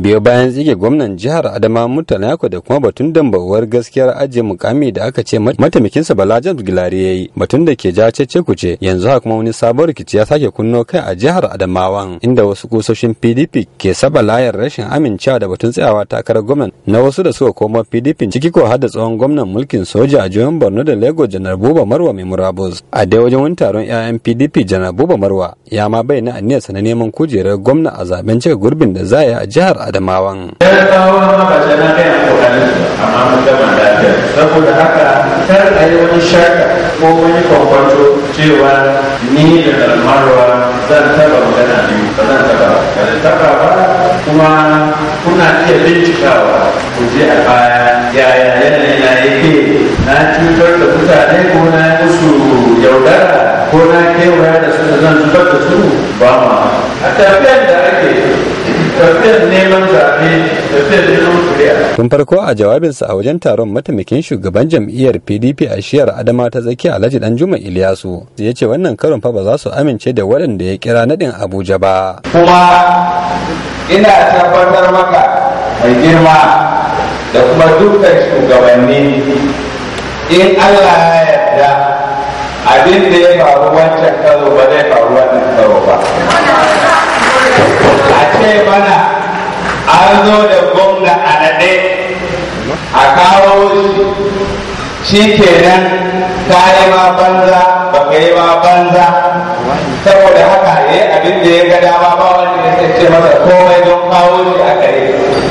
biyo bayan tsige gwamnan jihar adama mutanako da kuma batun dambawar gaskiyar ajiye mukami da aka ce mataimakinsa bala james gilari ya yi batun da ke ja cece kuce yanzu haka kuma wani sabon rikici ya sake kunno kai a jihar adamawan inda wasu kusoshin pdp ke saba layar rashin amincewa da batun tsayawa takarar gwamnan na wasu da suka koma pdp ciki ko har da tsohon gwamnan mulkin soja a jihar borno da lagos janar buba marwa mai murabus a dai wajen wani taron 'ya'yan pdp janar buba marwa ya ma bayyana aniyarsa na neman kujerar gwamna a zaben cika gurbin da za a yi a jihar adamawan yarbawan mabace na gaya kokarin amma mun gama lafiya saboda haka kar a yi wani shaka ko wani kwakwato cewa ni da dalmarwa zan taba magana biyu ba zan taba ba zan taba ba kuma kuna iya bincikawa ku je a baya yaya yanayi na yake na cutar da mutane ko na musu yaudara ko na kewaya da su da zan zubar da su ba ma a tafiyar Tun farko a jawabinsa a wajen taron mataimakin shugaban jam'iyyar PDP a shiyar Adama ta tsakiya Alhaji Danjuma Iliyasu ya ce wannan karon fa ba za su amince da waɗanda ya kira naɗin Abuja ba. Kuma ina tabbatar maka mai girma da kuma dukkan shugabanni in Allah ya yarda abin da ya faru wancan karo ba zai faru ga anaɗe a kawo shi yi ma banza ba ka yi ma banza saboda haka ya eh, yi abin da ya ga dama ba wanda ya ce masa komai don kawo shi a kare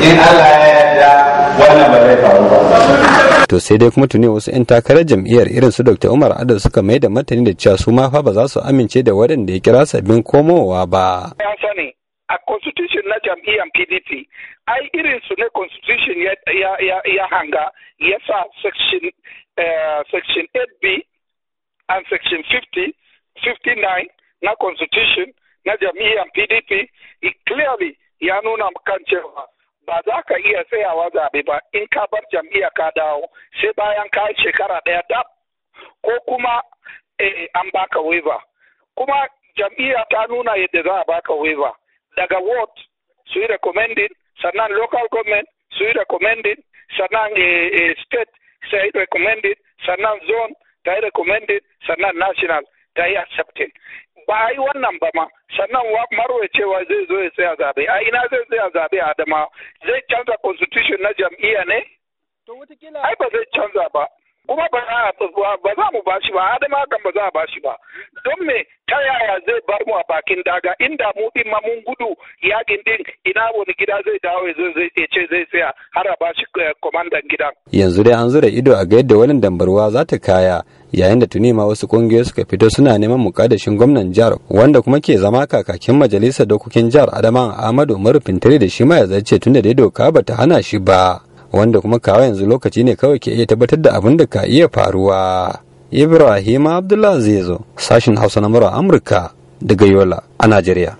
in Allah ya yarda wannan ba zai faru ba to sai dai kuma tuni wasu 'yan takarar jam'iyyar irin su dr umar adal suka mai da martani da cewa su ma fa ba za su amince da waɗanda ya kira sabbin komowa ba ya sani a constitution na jam'iyyar pdp ai irin su ne constitution ya, ya, ya, ya hanga ya sa section, uh, section 8b and section 50 59 na constitution na jam'iyyar pdp clearly ya nuna kan cewa ba za ka iya tsayawa zaɓe ba in ka bar jam'iyya ka dawo sai bayan ka yi shekara ɗaya dab ko kuma eh, an baka waiver kuma jam'iyya ta nuna yadda za a baka waiver daga ward su yi sannan local government su yi recommended sannan eh, eh, state sai recommended sannan zone ta yi recommended sannan national ta yi accepted ba yi wannan ba ma sannan marwa cewa zai zo ya tsaya zabe a ina zai tsaya zabe a adama zai canza constitution na jam'iyya ne ai ba zai canza ba kuma ba za mu bashi ba adama kan ba za a bashi ba don me ta yaya zai bar mu a bakin daga inda mu din ma mun gudu yakin din ina wani gida zai dawo ya zai ce zai tsaya har a bashi eh, komandan gidan yanzu dai an zura ido a ga yadda wannan dambarwa za ta kaya yayin da tuni ma wasu kungiyoyi suka fito suna neman mukadashin gwamnan jihar wanda kuma ke zama kakakin majalisar dokokin jihar adama ahmadu umaru tare da shi ma ya ce tunda dai doka ba ta hana shi ba wanda kuma kawo yanzu lokaci ne kawai ke iya tabbatar da abin da ka iya faruwa ibrahim abdullah zai zo sashin hausa na amurka daga yola a najeriya